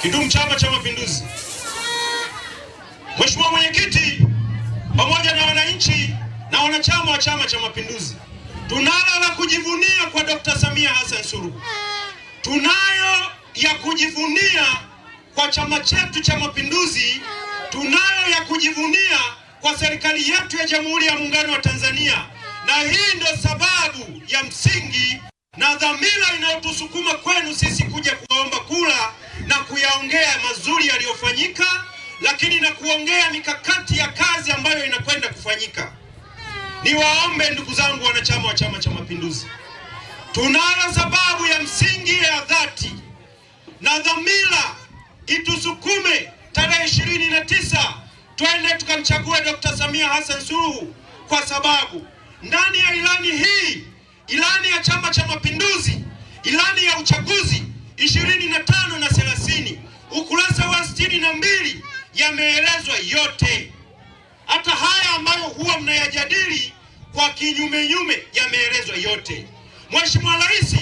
Kidumu Chama cha Mapinduzi! Mheshimiwa Mwenyekiti, pamoja na wananchi na wanachama wa Chama cha Mapinduzi, tunalo la kujivunia kwa dkt Samia Hassan Suluhu, tunayo ya kujivunia kwa chama chetu cha Mapinduzi, tunayo ya kujivunia kwa serikali yetu ya Jamhuri ya Muungano wa Tanzania, na hii ndio sababu ya msingi na dhamira inayotusukuma kwenu sisi kuja kuwaomba kula na kuyaongea mazuri yaliyofanyika, lakini na kuongea mikakati ya kazi ambayo inakwenda kufanyika. Niwaombe ndugu zangu wanachama wa Chama cha Mapinduzi, tunayo sababu ya msingi ya dhati na dhamira itusukume tarehe ishirini na tisa twende tukamchague Dr. Samia Hassan Suluhu kwa sababu ndani ya ilani hii, ilani ya Chama cha Mapinduzi, ilani ya uchaguzi ishirini na tano na na mbili yameelezwa yote, hata haya ambayo huwa mnayajadili kwa kinyumenyume yameelezwa yote. Mheshimiwa Rais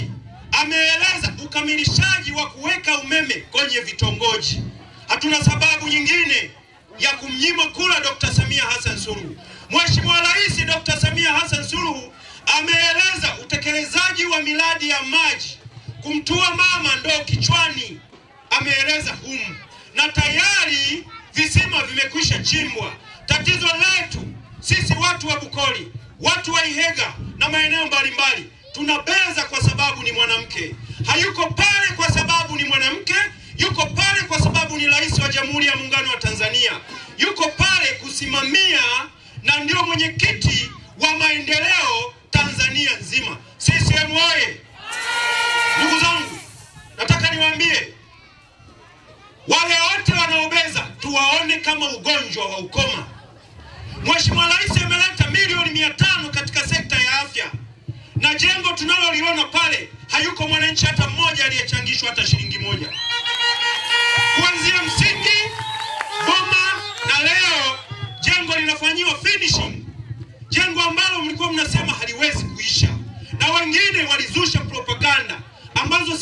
ameeleza ukamilishaji wa kuweka umeme kwenye vitongoji. Hatuna sababu nyingine ya kumnyima kula Dr. Samia Hassan Suluhu. Mheshimiwa Rais Dr. Samia Hassan Suluhu ameeleza utekelezaji wa miradi ya maji kumtua mama ndoo kichwani, ameeleza humu na tayari visima vimekwisha chimbwa. Tatizo letu sisi watu wa Bukoli, watu wa Ihega na maeneo mbalimbali tunabeza kwa sababu ni mwanamke. Hayuko pale kwa sababu ni mwanamke, yuko pale kwa sababu ni rais wa Jamhuri ya Muungano wa Tanzania, yuko pale kusimamia na ndio mwenyekiti wa maendeleo Tanzania nzima. CCM oye! Wale wote wanaobeza tuwaone kama ugonjwa wa ukoma. Mheshimiwa Rais ameleta milioni mia tano katika sekta ya afya, na jengo tunaloliona pale hayuko mwananchi hata mmoja aliyechangishwa hata shilingi moja, kuanzia msingi, boma, na leo jengo linafanyiwa finishing, jengo ambalo mlikuwa mnasema haliwezi kuisha, na wengine walizusha propaganda ambazo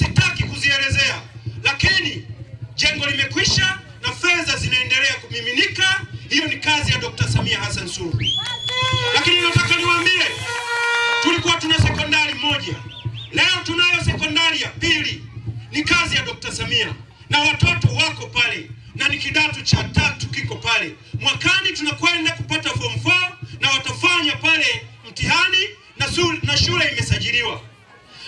jimbo limekwisha na fedha zinaendelea kumiminika. Hiyo ni kazi ya Dr. Samia Hassan Suluhu. Lakini nataka niwaambie, tulikuwa tuna sekondari moja, leo tunayo sekondari ya pili. Ni kazi ya Dr. Samia na watoto wako pale na ni kidato cha tatu kiko pale. Mwakani tunakwenda kupata form 4 na watafanya pale mtihani na, na shule imesajiliwa,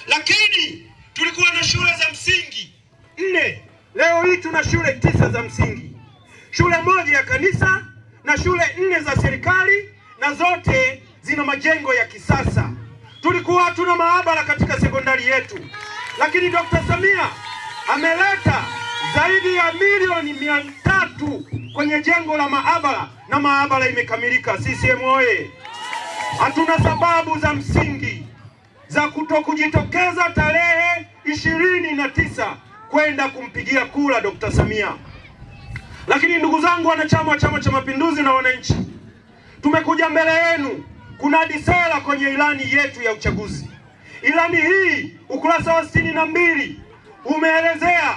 lakini tulikuwa na shule za msingi Leo hii tuna shule tisa za msingi, shule moja ya kanisa na shule nne za serikali, na zote zina majengo ya kisasa. Tulikuwa hatuna maabara katika sekondari yetu, lakini Dr. Samia ameleta zaidi ya milioni mia tatu kwenye jengo la maabara na maabara imekamilika. CCM oye! Hatuna sababu za msingi za kutokujitokeza tarehe ishirini na tisa kwenda kumpigia kura Dr. Samia. Lakini ndugu zangu wanachama wa Chama cha Mapinduzi na wananchi, tumekuja mbele yenu kunadi sera kwenye ilani yetu ya uchaguzi. Ilani hii ukurasa wa sitini na mbili umeelezea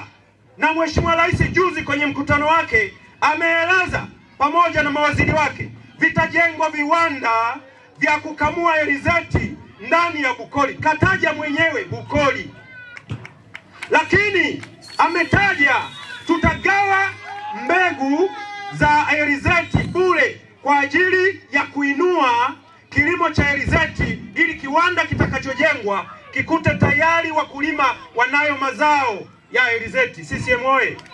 na Mheshimiwa Rais juzi kwenye mkutano wake ameeleza pamoja na mawaziri wake, vitajengwa viwanda vya kukamua elizeti ndani ya Bukoli. Kataja mwenyewe Bukoli lakini ametaja tutagawa mbegu za alizeti bure kwa ajili ya kuinua kilimo cha alizeti ili kiwanda kitakachojengwa kikute tayari wakulima wanayo mazao ya alizeti. CCM oye!